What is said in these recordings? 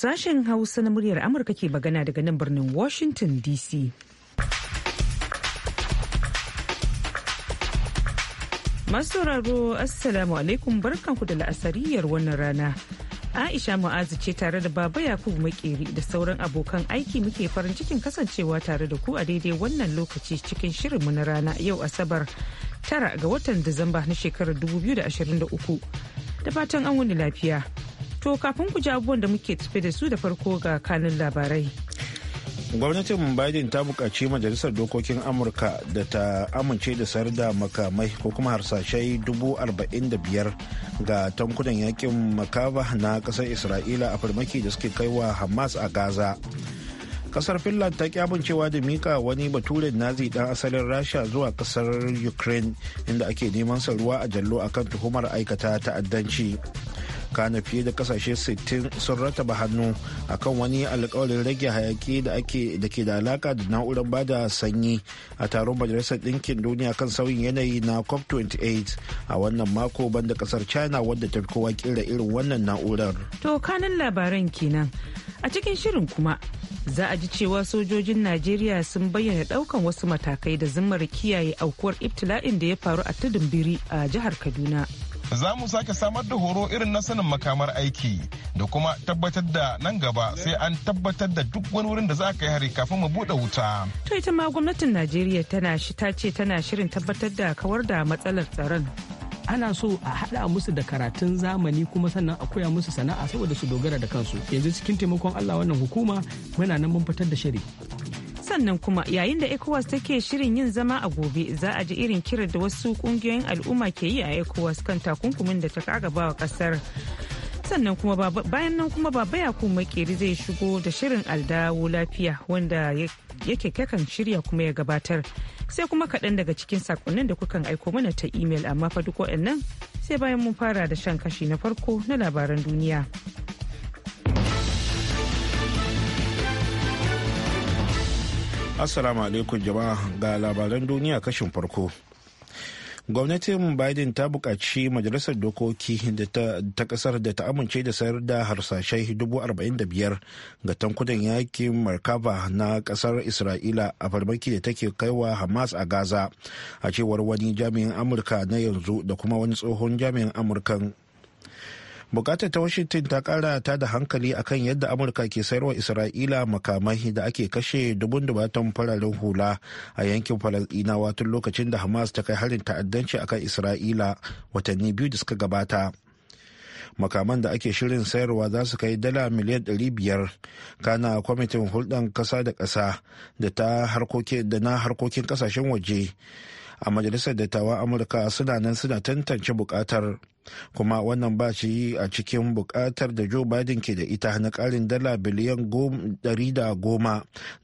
Sashen Hausa na muryar Amurka ke magana daga nan birnin Washington DC. Masu sauraro Assalamu alaikum barkanku da la'asariyar wannan rana. Aisha Mu'azu ce tare da Baba Yakubu Makeri da sauran abokan aiki muke farin cikin kasancewa tare da ku a daidai wannan lokaci cikin shirinmu na rana yau Asabar tara ga watan Disamba na shekarar 2023. Da fatan an wani lafiya. To kafin ku ji abubuwan da muke tafi da su da farko ga kanin labarai. Gwamnatin Biden ta buƙaci Majalisar Dokokin Amurka da ta amince da sayar da makamai ko kuma harsashai dubu arba'in da biyar ga tankunan yakin makaba na ƙasar Isra'ila a farmaki da suke kai wa Hamas a Gaza. Kasar Finland ta amincewa da mika wani baturen nazi dan asalin Rasha zuwa kasar Ukraine inda ake neman sa ruwa a jallo akan tuhumar aikata ta'addanci. kana fiye da kasashe 60 sun rataba hannu a kan wani alkawarin rage hayaki da ake da ke da alaka da na'urar bada sanyi a taron majalisar ɗinkin duniya kan sauyin yanayi na cop 28 a wannan mako banda kasar china wadda ta kowa kira irin wannan na'urar to kanan labaran kenan a cikin shirin kuma za a ji cewa sojojin najeriya sun bayyana daukan wasu matakai da zimmar kiyaye aukuwar ibtila'in da ya faru a tudun biri a jihar kaduna za mu sake samar da horo irin na sanin makamar aiki da kuma tabbatar da nan gaba sai an tabbatar da duk wani wurin da za ka yi hari kafin mu buɗe wuta. To ita ma gwamnatin Najeriya tana shi ta ce tana shirin tabbatar da kawar da matsalar tsaron. ana so a haɗa musu da karatun zamani kuma sannan a koya musu sana'a saboda su dogara da kansu yanzu cikin taimakon allah wannan hukuma muna nan mun fitar da shiri sannan kuma yayin da ecowas take shirin yin zama a gobe za a ji irin kiran da wasu kungiyoyin al'umma ke yi a ecowas kan takunkumin da ta kagaba wa kasar sannan kuma bayan nan kuma baba yaku makeri zai shigo da shirin aldawo lafiya wanda yake kakan shirya kuma ya gabatar sai kuma kaɗan daga cikin sakonnin da kukan aiko mana ta imel amma fa duk waɗannan sai bayan mun fara da shan kashi na farko na labaran duniya. Assalamu alaikum jama'a ga labaran duniya kashin farko. Gwamnatin Biden ta buƙaci majalisar dokoki ta ƙasar da ta amince da sayar da harsashai 45,000 ga tankunan yakin Markaba na ƙasar Isra'ila a farmaki da take kaiwa Hamas a Gaza a cewar wani jami'in Amurka na yanzu da kuma wani tsohon jami'in Amurkan. bukata ta washington ta kara ta da hankali akan yadda amurka ke sayarwa isra'ila makamai da ake kashe dubun dubatan fararen hula a yankin falasdina tun lokacin da hamas ta kai harin ta'addanci akan isra'ila watanni biyu da suka gabata makaman da ake shirin sayarwa za su kai dala miliyan 500 kana kwamitin hulɗan ƙasa da ƙasa da na harkokin ƙasashen waje a majalisar dattawan amurka suna nan suna tantance bukatar kuma wannan ba shi a cikin bukatar da joe biden ke da ita na karin dala biliyan goma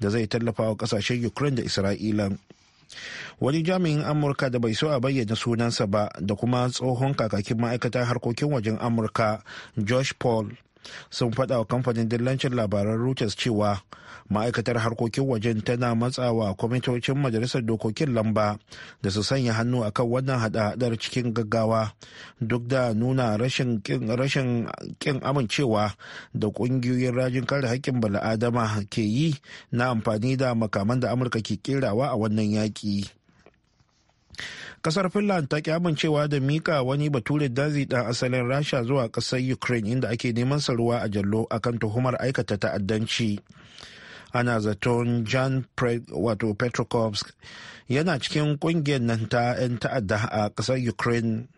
da zai tallafa wa kasashen ukraine da isra'ila wani jami'in amurka da bai so a bayyana sunansa ba da kuma tsohon kakakin ma'aikatar harkokin wajen amurka josh paul sun faɗa wa kamfanin dillancin labaran reuters cewa ma'aikatar harkokin wajen tana matsawa kwamitocin majalisar dokokin lamba da su sanya hannu akan wannan hada-hadar cikin gaggawa duk da nuna rashin kin amincewa da kungiyoyin rajin kare haƙƙin bala'adama ke yi na amfani da makaman da amurka ke kerawa a wannan yaƙi. kasar finland ta ki amincewa da mika wani bature dazi dan asalin rasha zuwa kasar ukraine inda ake neman sa ruwa a jallo akan tuhumar aikata ta'addanci ana zaton jan wato petrokovsk yana cikin kungiyar nan ta 'yan ta'adda a kasar ukraine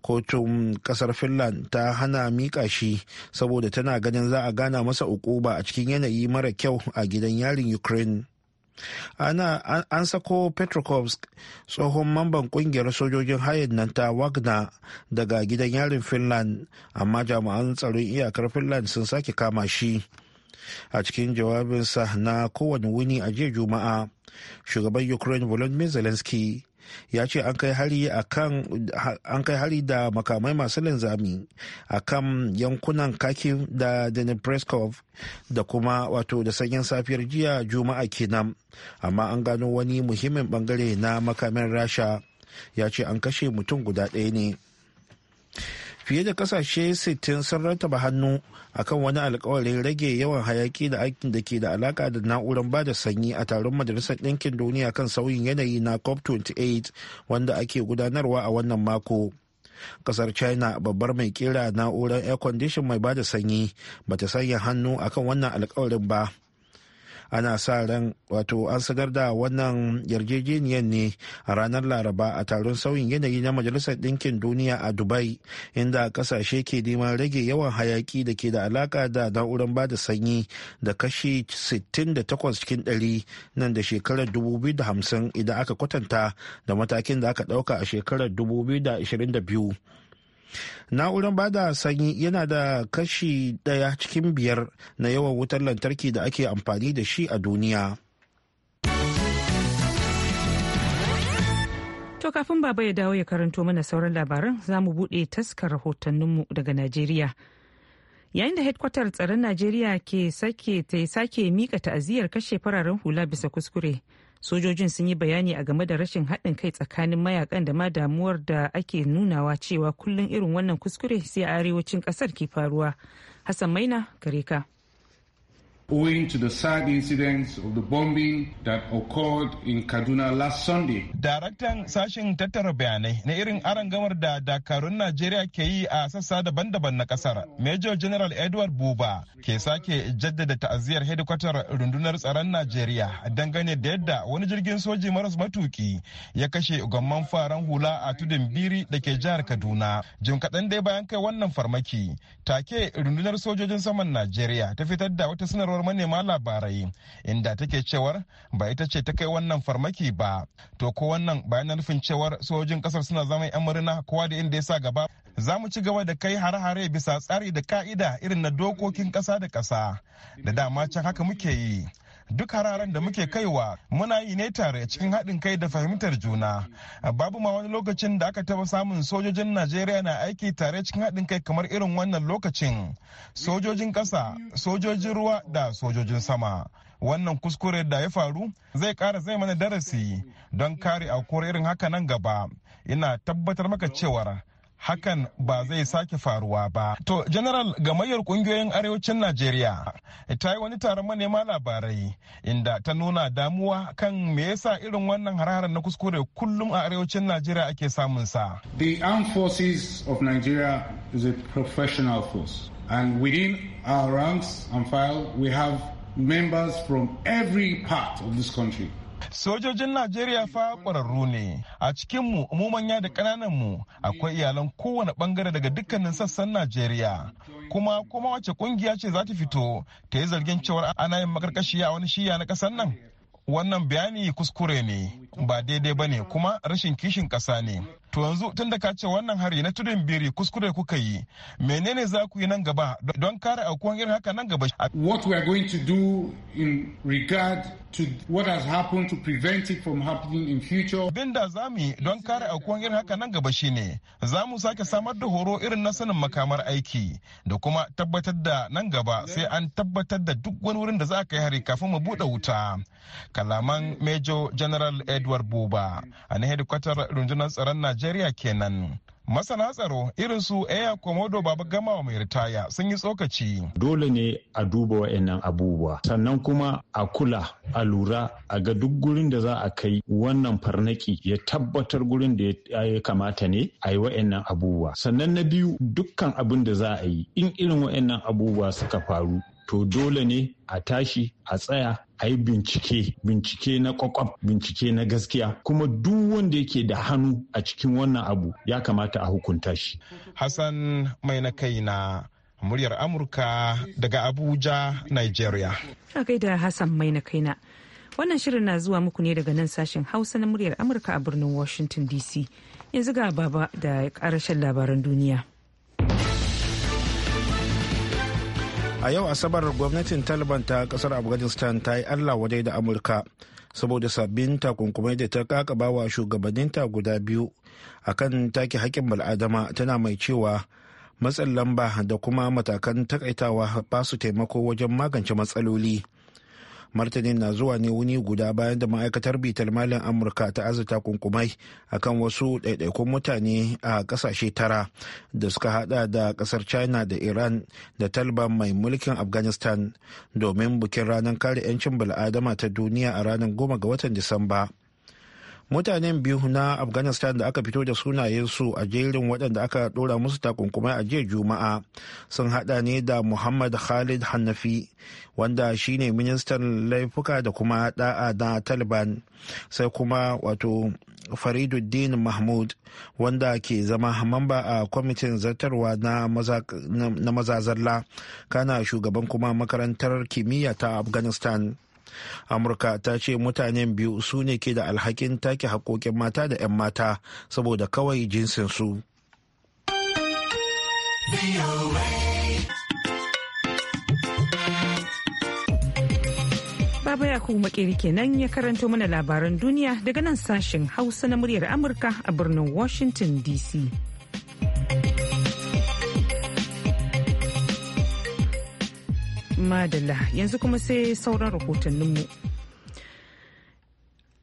kotun kasar finland ta hana mika shi saboda tana ganin za a gana masa ukuba a cikin yanayi mara kyau a gidan yarin ukraine ana an sako petrokovsk tsohon mamban kungiyar sojojin hayan nan ta wagna daga gidan yarin finland amma jami'an tsaron iyakar finland sun sake kama shi a cikin jawabinsa na kowane wuni a jiya juma'a shugaban ukraine volodymyr zelensky ya ce an kai hari da makamai masu linzami a kan yankunan kakin da preskov da kuma wato da sanyin safiyar jiya juma'a kenan amma an gano wani muhimmin bangare na makamin rasha ya ce an kashe mutum guda ɗaya ne fiye da kasashe 60 sun rattaba hannu akan wani alkawarin rage yawan hayaki da aikin da ke da alaka da na'urar bada sanyi a taron majalisar ɗinkin duniya kan sauyin yanayi na cop 28 wanda ake gudanarwa a wannan mako kasar china babbar mai kera na'urar air condition mai bada sanyi ba ta sanya hannu akan wannan alkawarin ba ana sa ran wato an sagar da wannan yarjejeniyar ne a ranar laraba a taron sauyin yanayi na majalisar ɗinkin duniya a dubai inda ƙasashe ke neman rage yawan hayaƙi da ke da alaƙa da na'urar bada sanyi da kashi 68 cikin 100 nan da shekarar 2050 idan aka kwatanta da matakin da aka ɗauka a shekarar 2022 na'urar bada sanyi yana da kashi daya cikin biyar na yawan wutar lantarki da ake amfani da shi a duniya To kafin baba ya dawo ya karanto mana sauran labaran za mu buɗe taskar rahotanninmu daga Najeriya. Yayin da headkwatar tsaron Najeriya ke sake ta sake mika ta'aziyar kashe fararen hula bisa kuskure. sojojin sun yi bayani a game da rashin haɗin kai tsakanin mayakan da ma damuwar da ake nunawa cewa kullum irin wannan kuskure sai a arewacin ƙasar ke faruwa hassan maina gare ka owing to the sad incidents of the bombing that occurred in Kaduna last Sunday. Daraktan sashen tattara bayanai na irin gamar da dakarun Najeriya ke yi a sassa daban-daban na kasar. Major General Edward Buba ke sake jaddada ta'aziyar hedikwatar rundunar tsaron Najeriya dangane da yadda wani jirgin soji maras matuki ya kashe gamman faran hula a tudun biri da ke jihar Kaduna. Jim kaɗan dai bayan kai wannan farmaki, take rundunar sojojin saman Najeriya ta fitar da wata sanarwar kasuwar manema labarai inda take cewar ba ita ce ta kai wannan farmaki ba to ko wannan bayan nufin cewar sojojin kasar suna zama yan murna kowa da inda ya sa gaba za mu ci gaba da kai har hare bisa tsari da ka'ida irin na dokokin kasa da kasa da dama can haka muke yi duk hararen da muke kaiwa muna yi ne tare cikin haɗin kai da fahimtar juna babu ma wani lokacin da aka taɓa samun sojojin najeriya na aiki tare cikin haɗin kai kamar irin wannan lokacin sojojin ƙasa sojojin ruwa da sojojin sama wannan kuskure da ya faru zai ƙara zai mana darasi don kare a irin haka nan gaba ina tabbatar maka cewar hakan ba zai sake faruwa ba. To, General Gamayyar Kungiyoyin Arewacin Najeriya ta yi wani taron manema labarai inda ta nuna damuwa kan me yasa irin wannan haraharar na kuskure kullum a Arewacin Najeriya ake samun sa. The Armed Forces of Nigeria is a professional force and within our ranks and file we have members from every part of this country. Sojojin Najeriya fa kwararru ne. A cikin mu, manya da kananan mu, akwai iyalan kowane bangare daga dukkanin sassan Najeriya. Kuma kuma wace kungiya ce za ta fito ta yi zargin cewar ana yin makarkashi a wani shiya na kasar nan? Wannan bayani kuskure ne, ba daidai ba ne kuma rashin kishin kasa ne. To yanzu tun da ka ce wannan hari na tudun biri kuskure kuka yi, menene za ku yi nan gaba don kare aukuwan irin haka nan gaba? What we are going to do in regard to what has happened to prevent it from happening in future. Bin da za mu don kare aukuwan irin haka nan gaba shine za mu sake samar da horo irin na sanin makamar aiki da kuma tabbatar da nan gaba sai an tabbatar da duk wani wurin da za ka yi hari kafin mu buɗe wuta. Kalaman Major General Edward Buba a na hedikwatar rundunar tsaron Najeriya kenan. Masana tsaro irin su Eya Komodo Baba Gama mai ritaya sun yi tsokaci. Dole ne a duba wa'annan abubuwa. Sannan kuma a kula, a lura, a ga duk gurin da za a kai wannan farnaki ya tabbatar gurin da ya kamata ne a yi wa'annan abubuwa. Sannan na biyu dukkan abin da za a yi in irin wa'annan abubuwa suka faru to dole ne a tashi a tsaya a yi bincike bincike na kwakwaf bincike na gaskiya kuma duk wanda yake da hannu a cikin wannan abu ya kamata a hukunta shi hassan mai na kai na muryar amurka daga abuja nigeria a gaida hassan mai na kaina wannan shirin na zuwa muku ne daga nan sashen hausa na muryar amurka a birnin washington dc yanzu ga baba da karashen labaran duniya a yau asabar gwamnatin taliban ta kasar afghanistan ta yi allah wadai da amurka saboda sabbin takunkumai da ta kakaba wa shugabanninta guda biyu a kan take hakkin bal'adama tana mai cewa matsin lamba da kuma matakan takaitawa ba su taimako wajen magance matsaloli martanin na zuwa ne wuni guda bayan da ma'aikatar bitar malin amurka ta azata kunkumai akan wasu ɗaiɗaikun mutane a ƙasashe tara da suka hada da ƙasar china da iran da taliban mai mulkin afghanistan domin bukin ranar kare 'yancin bal'adama ta duniya a ranar goma ga watan disamba mutanen biyu na afghanistan da aka fito da sunayensu a jerin waɗanda aka ɗora musu takunkumai a jiya juma'a sun haɗa ne da muhammad khalid hannafi wanda shine ministan laifuka da kuma da'a na taliban sai kuma wato fariduddin mahmud wanda ke zama mamba a kwamitin zartarwa na mazazalla kana shugaban kuma makarantar kimiyya ta afghanistan amurka ta ce mutanen biyu su ne ke da alhakin take haƙoƙin mata da 'yan mata saboda kawai jinsinsu Baba Yakubu makiri kenan ya karanto mana labaran duniya daga nan sashen Hausa na muryar Amurka a birnin Washington DC. Madalla yanzu kuma sai sauran rahotanninmu.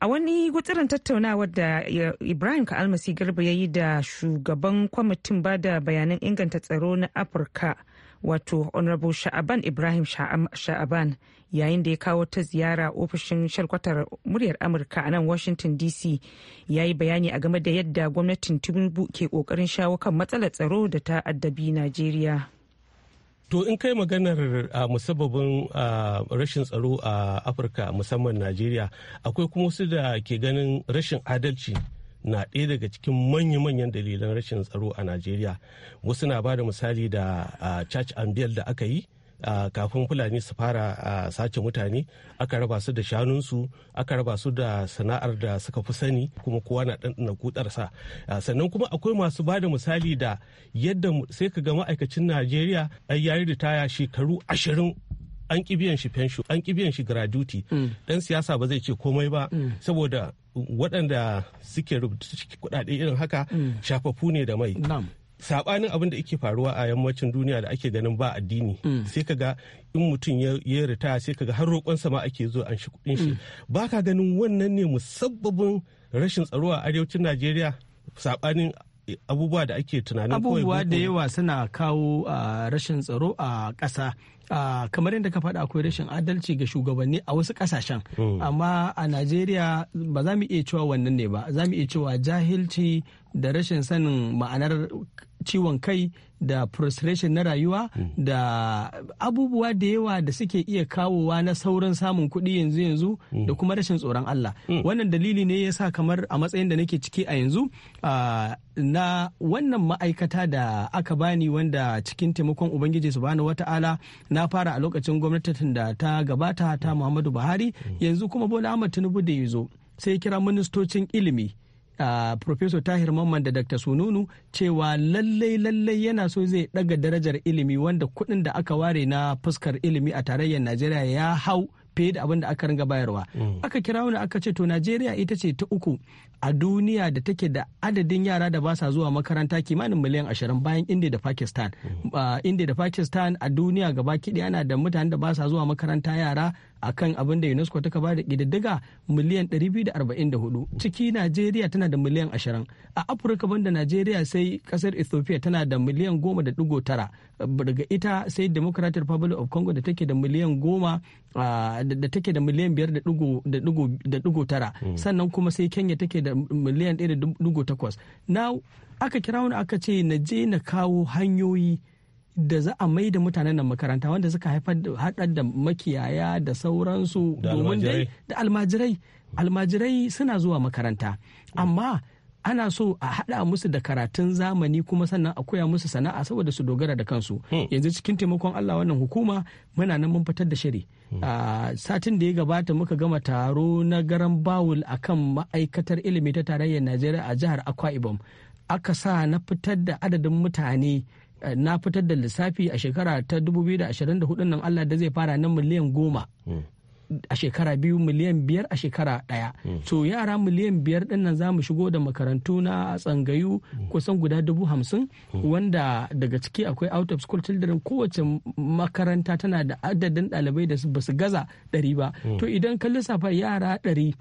A wani gutsirin tattaunawar da Ibrahim Ka'almasi Garba ya yi da shugaban kwamitin ba da bayanan inganta tsaro na Afirka wato Honorable Sha'aban Ibrahim Sha'aban yayin da ya kawo ta ziyara ofishin shalkwatar muryar Amurka a nan Washington DC ya yi bayani a game da yadda gwamnatin Tinubu ke kokarin shawo kan matsalar tsaro da ta addabi Najeriya. To in kai maganar a musabbabin rashin tsaro a Afirka musamman Najeriya akwai kuma wasu da ke ganin rashin adalci na ɗaya daga cikin manya-manyan dalilan rashin tsaro a Najeriya. Wasu na ba da misali da church and bell da aka yi kafin fulani su fara sace mutane aka raba su da shanunsu aka raba su da sana'ar da suka fi sani kuma kowa na ɗanɗana kudarsa sannan kuma akwai masu ba da misali da yadda sai ka ga ma'aikacin najeriya ya yayi ritaya shekaru ashirin an ƙi shi fensho an ƙi biyan shi gratuity dan mm. siyasa ba zai ce komai ba mm. saboda waɗanda suke rubuta kuɗaɗe irin haka mm. shafafu ne da mai sabanin abin da yake faruwa a yammacin duniya da ake ganin ba addini hmm. sai kaga in mutum ya ritaya sai kaga har roƙon sama ake zo an shi kuɗin shi hmm. ba ka ganin wannan ne musabbabin rashin tsaro a arewacin najeriya sabanin abubuwa da ake tunanin abubuwa da yawa suna kawo rashin tsaro a ƙasa Uh, kamar yadda ka faɗa akwai rashin adalci ga shugabanni a wasu ƙasashen hmm. amma a najeriya ba za mu iya cewa wannan ne ba za mu iya cewa jahilci da rashin sanin ma'anar ciwon kai da frustration na rayuwa mm. da abubuwa da yawa da suke iya kawowa na sauran samun kuɗi yanzu yanzu da mm. kuma rashin tsoron Allah mm. wannan dalili ne ya sa kamar a matsayin da nake ciki a yanzu na wannan ma'aikata da aka bani wanda cikin taimakon ubangiji subhanahu wata'ala na fara a lokacin gwamnatin da ta gabata ta Muhammadu Buhari yanzu kuma Bola Ahmad Tinubu da ya zo sai kira ministocin ilimi uh, Professor Tahir Mamman da Dr. Sununu cewa lallai lallai yana so zai daga darajar ilimi wanda kuɗin da aka ware na fuskar ilimi a tarayyar Najeriya ya hau fiye da abin da aka ringa bayarwa. Mm. Aka kira wani aka ce to Najeriya ita ce ta uku a duniya da take da adadin yara da ba sa zuwa makaranta kimanin miliyan ashirin bayan India da Pakistan. Mm. India da Pakistan a duniya gaba kiɗi ana da mutane da ba sa zuwa makaranta yara a kan abin da unesco ta da ƙididdiga miliyan 244 ciki najeriya tana da miliyan 20 a afirka banda najeriya sai kasar ethiopia tana da miliyan 10.9 daga ita sai democratic republic of congo da take da miliyan 10 da take da miliyan da tara hmm. sannan kuma sai kenya take da miliyan da takwas na aka kira wani aka ce na je na kawo hanyoyi da za a mai da mutanen nan makaranta wanda suka haifar da haɗar da makiyaya da sauransu domin dai da almajirai almajirai suna zuwa makaranta amma ana so a haɗa musu da karatun zamani kuma sannan a koya musu sana'a saboda su dogara da kansu hmm. yanzu cikin taimakon Allah wannan hukuma muna nan mun fitar da shiri hmm. a satin da ya gabata muka gama taro na garan bawul kan ma'aikatar ilimi ta tarayyar Najeriya a jihar Akwa Ibom aka sa na fitar da adadin mutane Eh, na fitar da lissafi a shekara ta 2024 nan Allah da zai fara nan miliyan goma hmm. a shekara biyu miliyan biyar a shekara ɗaya. Hmm. To yara miliyan biyar din nan za mu shigo da makarantu na tsangayu hmm. kusan guda dubu hamsin wanda daga ciki akwai out of school children kowace makaranta tana da adadin ɗalibai da ba su gaza ɗari ba. To idan ka lissafa yara ɗari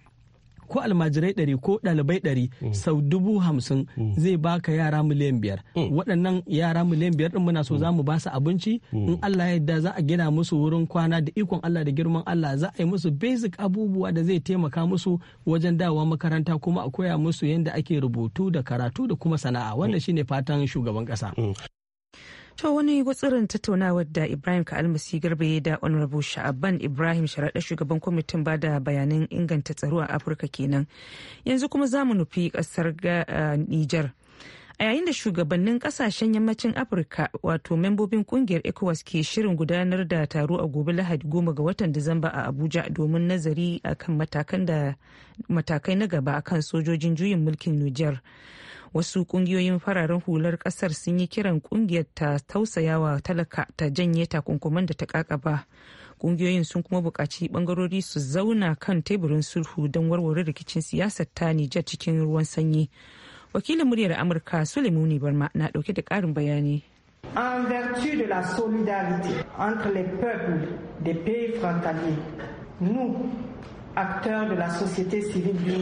ko almajirai ɗari ko ɗalibai ɗari mm. sau dubu hamsin mm. zai baka yara miliyan biyar mm. waɗannan yara miliyan biyar ɗin muna so za mu ba su abinci in Allah ya yarda za a gina musu wurin kwana da ikon Allah da girman Allah za a yi musu basic abubuwa da zai taimaka musu wajen dawowa makaranta kuma a koya musu yadda ake rubutu da karatu da kuma sana'a wannan shine fatan shugaban ƙasa. To wani gutsirin tattaunawar da Ibrahim Ka'almasi garbe da Honorable Sha'aban Ibrahim Sharaɗa shugaban kwamitin ba da bayanan inganta tsaro a Afirka kenan. Yanzu kuma za mu nufi ƙasar Nijar. A yayin da shugabannin ƙasashen yammacin Afirka wato membobin ƙungiyar ECOWAS ke shirin gudanar da taro a gobe Lahadi goma ga watan Disamba a Abuja domin nazari akan matakai na gaba akan sojojin juyin mulkin Nijar. wasu kungiyoyin fararen hular kasar sun yi kiran kungiyar ta tausaya wa talaka ta janye takunkuman da ta kakaba kungiyoyin sun kuma buƙaci bangarori su zauna kan teburin sulhu don warware rikicin siyasar ta nijar cikin ruwan sanyi wakilin muryar amurka sulemuni barma na ɗauke da ƙarin bayani En vertu de la solidarité entre les peuples des pays frontaliers, nous, acteurs de la société civile du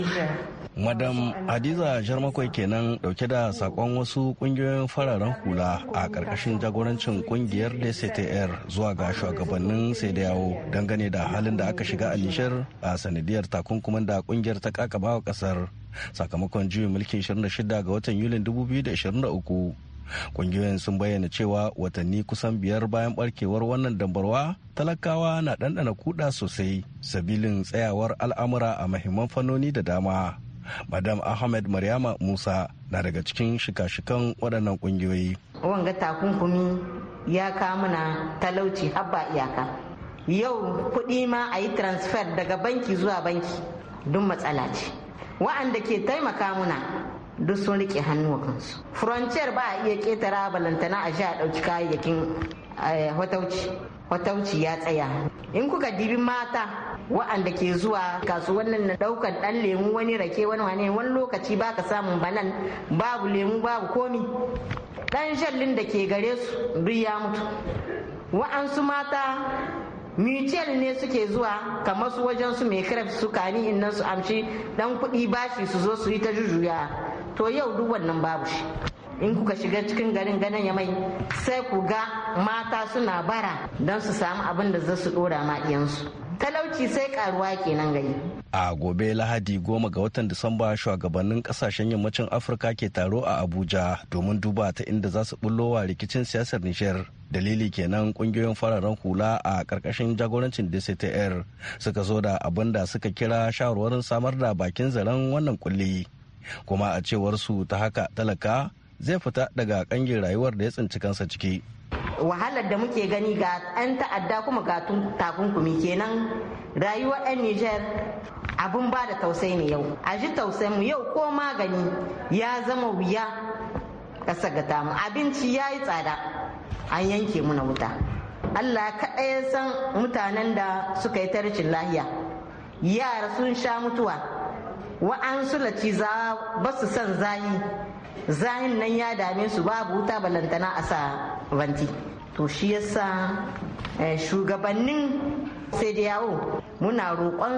madam hadiza jarmakwai kenan dauke da sakon wasu kungiyoyin fararen hula a karkashin jagorancin kungiyar dctr zuwa ga shugabannin sai da yawo dangane da halin da aka shiga a nishar a sanadiyar takunkuman da kungiyar ta kakaba wa kasar sakamakon juyin mulkin 26 ga watan yulin 2023 kungiyoyin sun bayyana cewa watanni kusan biyar bayan barkewar wannan dambarwa talakawa na ɗanɗana kuɗa sosai sabilin tsayawar al'amura a mahimman fannoni da dama madam ahmed maryama musa na daga cikin shika-shikan waɗannan ƙungiyoyi wanga takunkumi ya kamuna talauci haba iyaka yau kuɗi ma a yi transfer daga banki zuwa banki duk matsala ce wa'anda ke taimaka muna duk sun rike hannu kansu frontier ba a iya ketara balantana a sha ɗauki kayayyakin watauci eh, ya tsaya in kuka dibi mata wa'anda ke zuwa kasuwannin na daukan dan lemu wani rake wani wane wani lokaci baka samun banan babu lemu babu komi dan shallin da ke gare su duk ya mutu wa'ansu mata mutual ne suke zuwa kamar su wajen su mai kira su kani innan su amshi dan kuɗi bashi su zo su yi ta jujuya to yau duk wannan babu shi in kuka shiga cikin garin ganin ya mai sai ku ga mata suna bara don su samu abin da za su dora ma talauci sai karuwa kenan gari a gobe lahadi goma ga watan disamba shugabannin kasashen yammacin afirka ke taro a abuja domin duba ta inda za su wa rikicin siyasar Nijar. dalili kenan kungiyoyin fararen hula a karkashin jagorancin dctr suka zo da abin da suka kira shawarwarin samar da bakin zaren wannan kulli kuma a cewar su ta haka talaka zai fita daga kangin rayuwar da ya tsinci kansa ciki wahalar da muke gani ga 'yan ta'adda kuma ga takunkumi kenan rayuwar 'yan niger abun ba da tausayi ne yau a ji tausayin mu yau ko magani ya zama wuya ka sagata mu. abinci ya yi tsada an yanke muna wuta allah kaɗai ya san mutanen da suka yi tarcin lahiya yara sun sha mutuwa wa'ansu za ba su san zayi zayin nan ya dame su babu wuta balantana a sa banti to shi yasa eh, shugabannin sai da yawo muna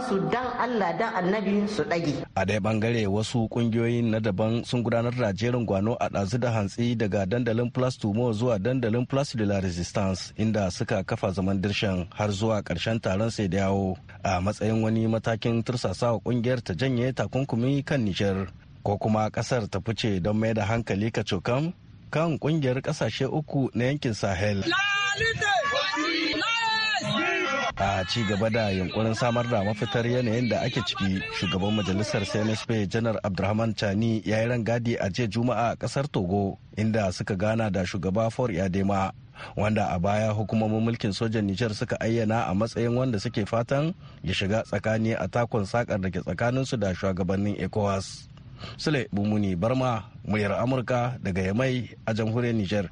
su dan Allah dan annabi su ɗage. A ɗaya bangare wasu ƙungiyoyi na daban sun gudanar da jerin gwano a ɗazu da hantsi daga dandalin Plus Tumo zuwa dandalin Plus de la Resistance inda suka kafa zaman dirshan har zuwa karshen taron sai da yawo a matsayin wani matakin tursasawa ƙungiyar ta janye takunkumi kan Nijar. ko kuma kasar ta fice don mai da hankali ka cokan kan kungiyar kasashe uku na yankin sahel a ci gaba da yunkurin samar da mafitar yanayin da ake ciki shugaban majalisar cnsp janar abdulrahman chani ya yi rangadi a jiya juma'a a kasar togo inda suka gana da shugaba for yadema wanda a baya hukumomin mulkin sojan nijar suka ayyana a matsayin wanda suke fatan ya shiga tsakani a takon sakar da ke tsakaninsu da shugabannin ecowas Sule Bumuni Barma, muryar Amurka daga Yamai a jamhuriyar Nijar.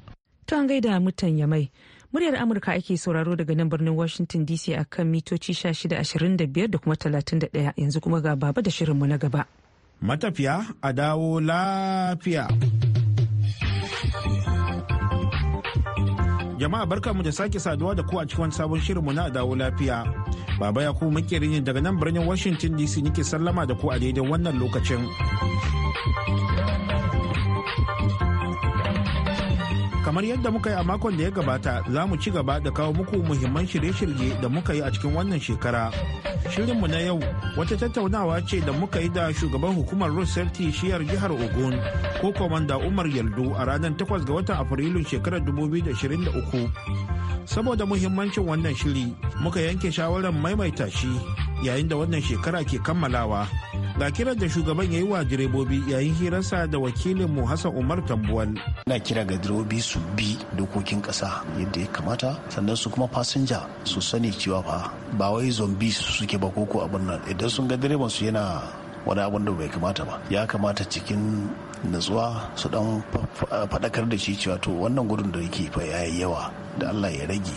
To an gaida mutan Yamai. Muryar Amurka ake sauraro daga nan birnin Washington DC a kan mitoci 1625 da kuma 31 yanzu kuma ga baba da shirinmu na gaba. Matafiya a dawo lafiya. Jama'a barka mu da sake saduwa da ku a cikin sabon shirin mu na dawo lafiya. Baba ya ku makeri ne daga nan birnin Washington DC nike sallama da ku a daidai wannan lokacin. kamar yadda muka yi a makon da ya gabata za mu ci gaba da kawo muku muhimman shirye-shirye da muka yi a cikin wannan shekara shirinmu na yau wata tattaunawa ce da muka yi da shugaban hukumar roserti shiyar jihar ogun ko komanda umar yaldo a ranar 8 ga watan afrilun shekarar 2023 saboda muhimmancin wannan shiri muka yanke shawarar maimaita shi yayin da wannan shekara ke kammalawa ga kiran da shugaban ya yi wa direbobi yayin hirarsa da wakilin mu hassan umar tambuwal na kira ga direbobi su bi dokokin kasa yadda ya kamata sannan su kuma fasinja su sani cewa fa ba wai zombi suke ba koko abin nan idan sun ga direban su yana wani abin da bai kamata ba ya kamata cikin natsuwa su dan faɗakar da shi cewa to wannan gudun da yake fa yayi yawa da allah ya rage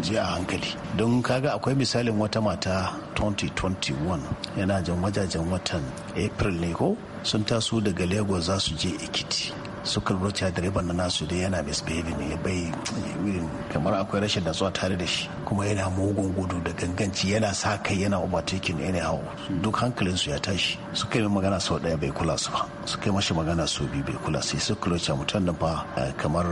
je a hankali don kaga akwai misalin wata mata 2021 yana jan wajajen watan april ne ko sun taso daga lagos za su je ikiti suka lura cewa direban na nasu dai yana misbehaving ne bai kamar akwai rashin datsuwa tare da shi kuma yana mugun gudu da ganganci yana sa kai yana overtaking hau duk hankalinsu ya tashi suka yi magana sau daya bai kula su ba suka yi mashi magana sau biyu bai kula sai suka lura mutum fa eh, kamar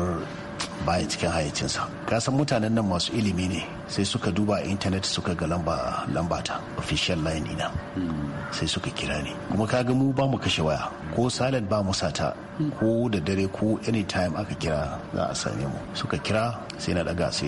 baya cikin hayacinsa kasan mutanen nan masu ilimi ne sai suka duba intanet suka ga lamba lambata official line ina sai suka kira ni kuma kaga mu ba mu kashe waya ko silent ba mu sata ko da dare ko anytime aka kira za a same mu suka kira sai na daga sai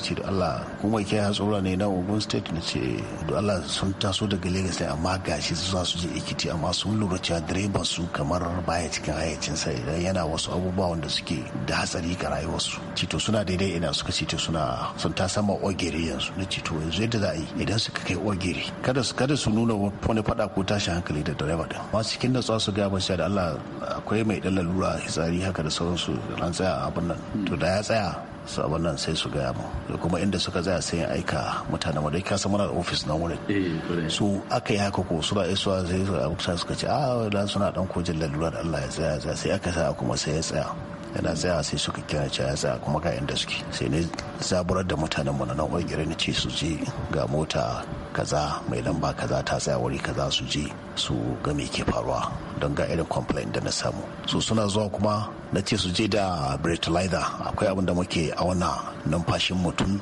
ce da Allah kuma ke tsora ne na Ogun state na ce da Allah sun taso daga Lagos ne amma gashi za su je Ekiti amma sun lura cewa direban su kamar baya cikin sai yana wasu abubuwa wanda suke da hatsari ga rayuwarsu to suna daidai ina suka ce suna sun ta sama ogere yanzu na ce yanzu yadda za a yi idan suka kai ogere kada su kada su nuna wani fada ko tashin hankali da direba da ma cikin da su ga ba da Allah akwai mai dan lalura hitsari haka da sauransu an tsaya a abin nan to da ya tsaya su abin nan sai su gaya mu da kuma inda suka tsaya sai aika mutane mu ka san muna da ofis na wurin eh, su aka yi haka ko ba isuwa sai su abuka suka ce a ah, suna dan kojin lalura da Allah ya tsaya sai aka sa kuma sai ya tsaya yana tsaya sai suka kira cewa ya tsaya kuma ga inda suke sai ne zaburar da mutanen mu na nan ƙungiyar na ce su je ga mota kaza mai lamba kaza ta tsaya wuri kaza su je su ga me ke faruwa don ga irin complaint da na samu su suna zuwa kuma na ce su je da breathalyzer akwai abin da muke auna numfashin mutum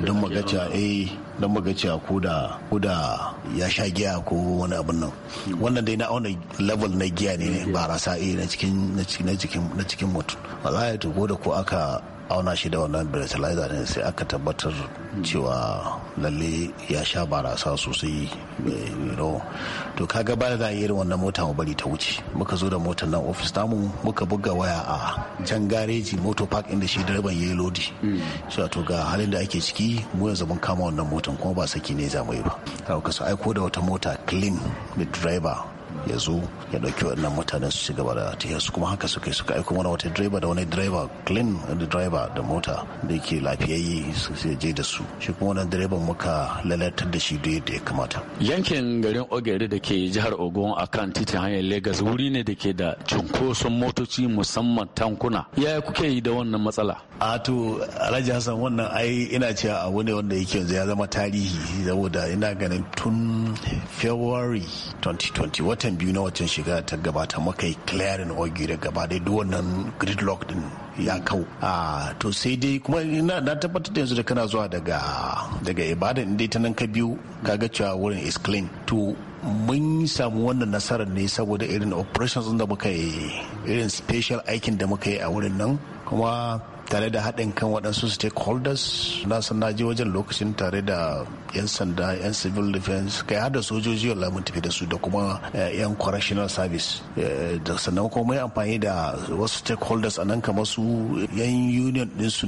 don magaca a eh, don ko da ko ya sha giya ko wani abin nan wannan dai na auna level na giya ne ba rasa eh, a na cikin mutum ba za a ko da ko aka auna shi da wannan breathalyzer ne sai aka tabbatar cewa lalle ya sha barasa sosai eh, to kaga ba za a yi wannan mota mu bari ta wuce muka zo da motar nan ofis namu muka buga waya a can gareji motor park inda shi direban ya yi lodi shi to ga halin da ake ciki mu yanzu mun kama wannan motar kuma ba saki ne za mu yi ba ka aiko da wata mota clean da driver ya zo ya ɗauki waɗannan mutanen su shiga gaba da tafiya su kuma haka suka suka aiko mana wata direba da wani direba clean direba da mota da yake lafiyayye su je da su shi kuma wannan direban muka lalatar da shi da ya kamata yankin garin ogere da ke jihar ogun akan titin hanyar lagos wuri ne da ke da cunkoson motoci musamman tankuna yaya kuke yi da wannan matsala a to alhaji hassan wannan ai ina cewa abu ne wanda yake yanzu ya zama tarihi saboda ina ganin tun february 2020 watan biyu na watan shiga ta gabata muka yi clearing ogi da gaba dai duk wannan gridlock din ya kau a ah, to sai dai kuma na tabbatar da yanzu da kana zuwa daga daga ibadan dai ta nan ka biyu kaga cewa wurin is clean to mun samu wannan nasarar ne saboda irin operations da muka yi irin special aikin da muka yi a wurin nan kuma tare da haɗin kan waɗansu stakeholders na san na je wajen lokacin tare da 'yan sanda 'yan civil defense kai har da sojoji wala mun tafi da su da kuma eh, 'yan correctional service eh, da sannan kuma mai amfani da wasu stakeholders a nan kamar su 'yan union ɗinsu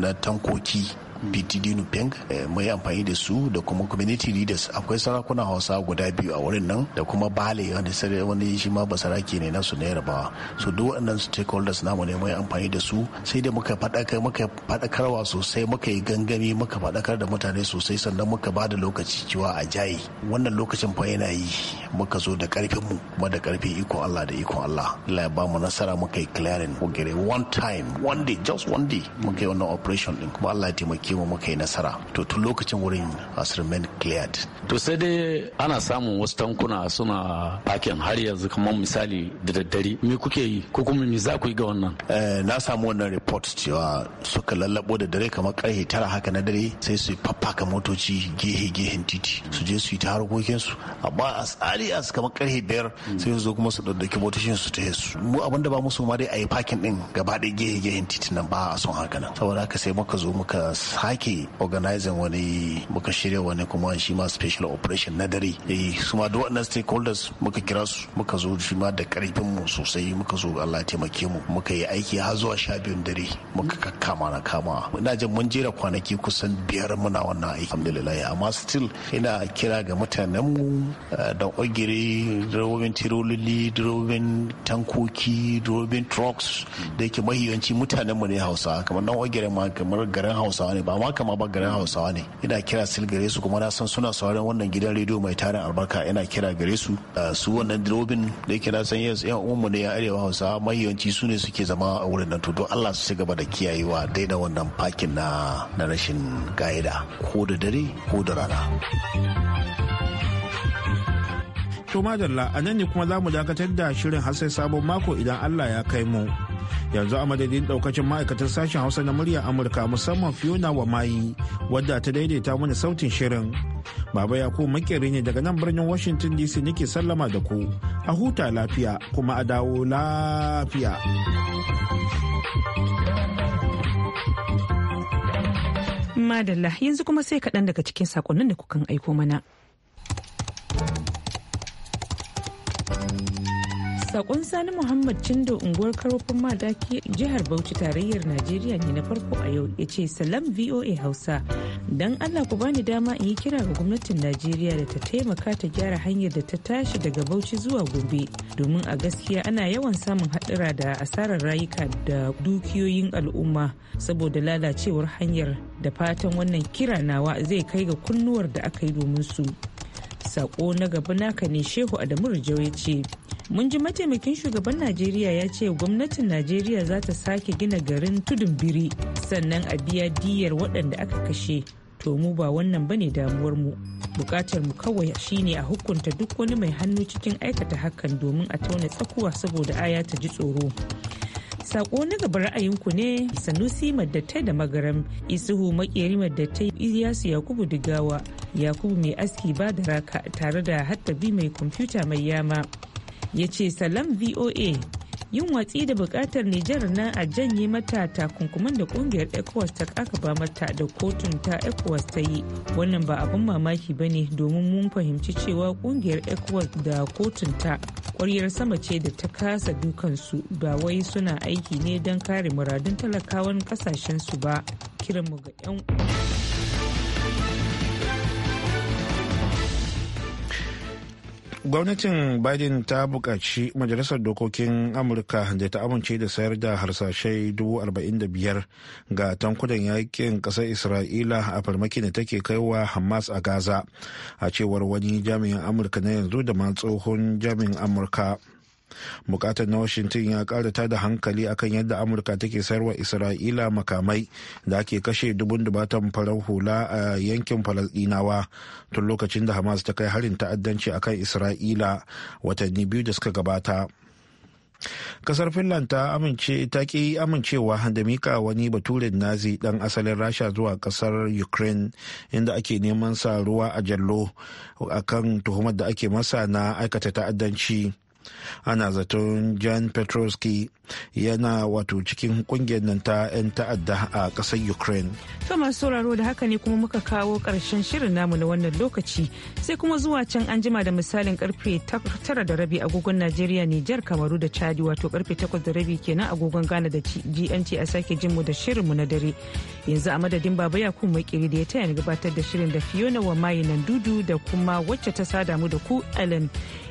na tankoki ptd pink. Eh, mai amfani da su da kuma community leaders akwai sarakunan hausa guda biyu a wurin nan da kuma bale wani shi ma basarake ne nasu na yarbawa so duk wannan stakeholders namu ne mai amfani da su sai da muka faɗakarwa sosai muka yi gangami muka faɗakar da mutane sosai sannan muka ba da lokaci cewa a jayi wannan lokacin fa yana yi muka zo da karfin mu kuma da karfin ikon Allah da ikon Allah Allah ya ba mu nasara muka yi clearing one time one day just one day muka yi wannan operation din kuma Allah ya taimake taimake ma muka yi nasara to tun lokacin wurin has uh, remained cleared to sai dai ana samun wasu tankuna suna fakin har yanzu kamar misali da daddare me kuke yi ko kuma me za ku yi ga wannan eh, na samu wannan report cewa suka lallabo da dare kamar karfe tara haka na dare sai su faffaka motoci gehe gehen titi su je su yi ta harkokin su amma a tsari a su kamar karfe biyar sai su zo kuma su daddaki motocin su ta su mu abin da ba musu ma dai a yi fakin din gaba ɗaya gehe gehen titi nan ba a son haka nan saboda haka sai muka zo muka sake organizing wani muka shirya wani kuma shi ma special operation na dare eh su ma duk wannan stakeholders muka kira su muka zo shi ma da karfin mu sosai muka zo Allah taimake mu muka yi aiki har zuwa sha dare muka kakkama na kama ina jin mun jera kwanaki kusan biyar muna wannan aiki alhamdulillah amma still ina kira ga mutanen mu eh, da ogire drobin tirolili drobin tankoki drobin trucks da yake mahiyanci mutanen mu ne hausa kamar nan ogire ma kamar garin Hausa ne ba ma kama ba hausawa ne ina kira sil gare su kuma na san suna sauran wannan gidan rediyo mai tarin albarka ina kira gare su su wannan dirobin da yake na san yanzu yan uwanmu ne ya arewa hausawa mahiyanci su ne suke zama a wurin nan to allah su ci gaba da kiyayewa daina wannan fakin na na rashin ga'ida ko da dare ko da rana. To madalla a nan ne kuma za mu dakatar da shirin har sabon mako idan Allah ya kai mu. yanzu a madadin daukacin ma'aikatar sashen hausa na muryar amurka musamman fiona wa mayi wadda ta daidaita mana sautin shirin baba yakubu makeri ne daga nan birnin washington dc nake sallama da ku a huta lafiya kuma a dawo lafiya madalla yanzu kuma sai kaɗan daga cikin sakonnin da kukan aiko mana Sakon Sani Muhammad Cindo unguwar karofin madaki jihar Bauchi tarayyar Najeriya ne na farko a yau ya ce salam VOA Hausa. Don Allah ku bani dama in yi kira ga gwamnatin Najeriya da ta taimaka ta gyara hanyar da ta tashi daga Bauchi zuwa gobe Domin a gaskiya ana yawan samun haɗura da asarar rayuka da dukiyoyin al'umma saboda lalacewar hanyar da fatan wannan kira nawa zai kai ga kunnuwar da aka yi domin su. Sako na gaba naka ne Shehu Adamu Rijau ya ce mun ji mataimakin shugaban najeriya ya ce gwamnatin najeriya za ta sake gina garin tudun biri sannan a biya diyar waɗanda aka kashe to mu ba wannan bane damuwar mu bukatar mu kawai shine a hukunta duk wani mai hannu cikin aikata hakan domin a tauna tsakuwa saboda aya ta ji tsoro sako na gaba ra'ayinku ne sanusi madattai da magaram isuhu makeri madattai iyasu yakubu digawa yakubu mai aski ba da raka tare da bi mai kwamfuta mai yama ya ce salam voa yin watsi da bukatar nijar na a janye mata takunkuman da kungiyar ecowas ta aka ba mata da kotun ta ecowas ta yi wannan ba abin mamaki ba ne domin mun fahimci cewa kungiyar ecowas da kotun ta kwaryar sama ce da ta kasa dukansu ba wai suna aiki ne don kare muradun talakawan kasashensu ba kiranmu ga 'yan gwamnatin biden ta buƙaci majalisar dokokin amurka da ta amince da sayar da harsashai 45,000 ga tankunan yakin ƙasar isra'ila a farmakin da take kaiwa hamas a gaza a cewar wani jami'in amurka na yanzu da ma tsohon jami'in amurka bukatar na washington ya kara tada hankali akan yadda amurka take sayarwa isra'ila makamai da ake kashe dubun dubatan farar hula a yankin falasdinawa tun lokacin da hamas ta kai harin ta'addanci akan isra'ila watanni biyu da suka gabata kasar finland ta amince ta ki amincewa da mika wani baturin nazi dan asalin rasha zuwa kasar ukraine inda ake neman sa ruwa a jallo akan tuhumar da ake masa na aikata ta'addanci ana zaton jan petroski yana wato cikin kungiyar nan ta 'yan ta'adda a ƙasar ukraine to masu sauraro da haka ne kuma muka kawo ƙarshen shirin namu na wannan lokaci sai kuma zuwa can an jima da misalin karfe tara da rabi agogon najeriya nijar kamaru da chadi wato karfe 8 da rabi kenan agogon ghana da gnt a sake jin mu da shirin mu na dare yanzu a madadin baba yakun makiri da ya taya ni gabatar da shirin da fiona wa mayi nan dudu da kuma wacce ta sada mu da ku alan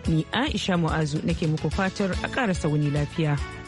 ni aisha mu'azu nake muku fatar a ƙara wani lafiya.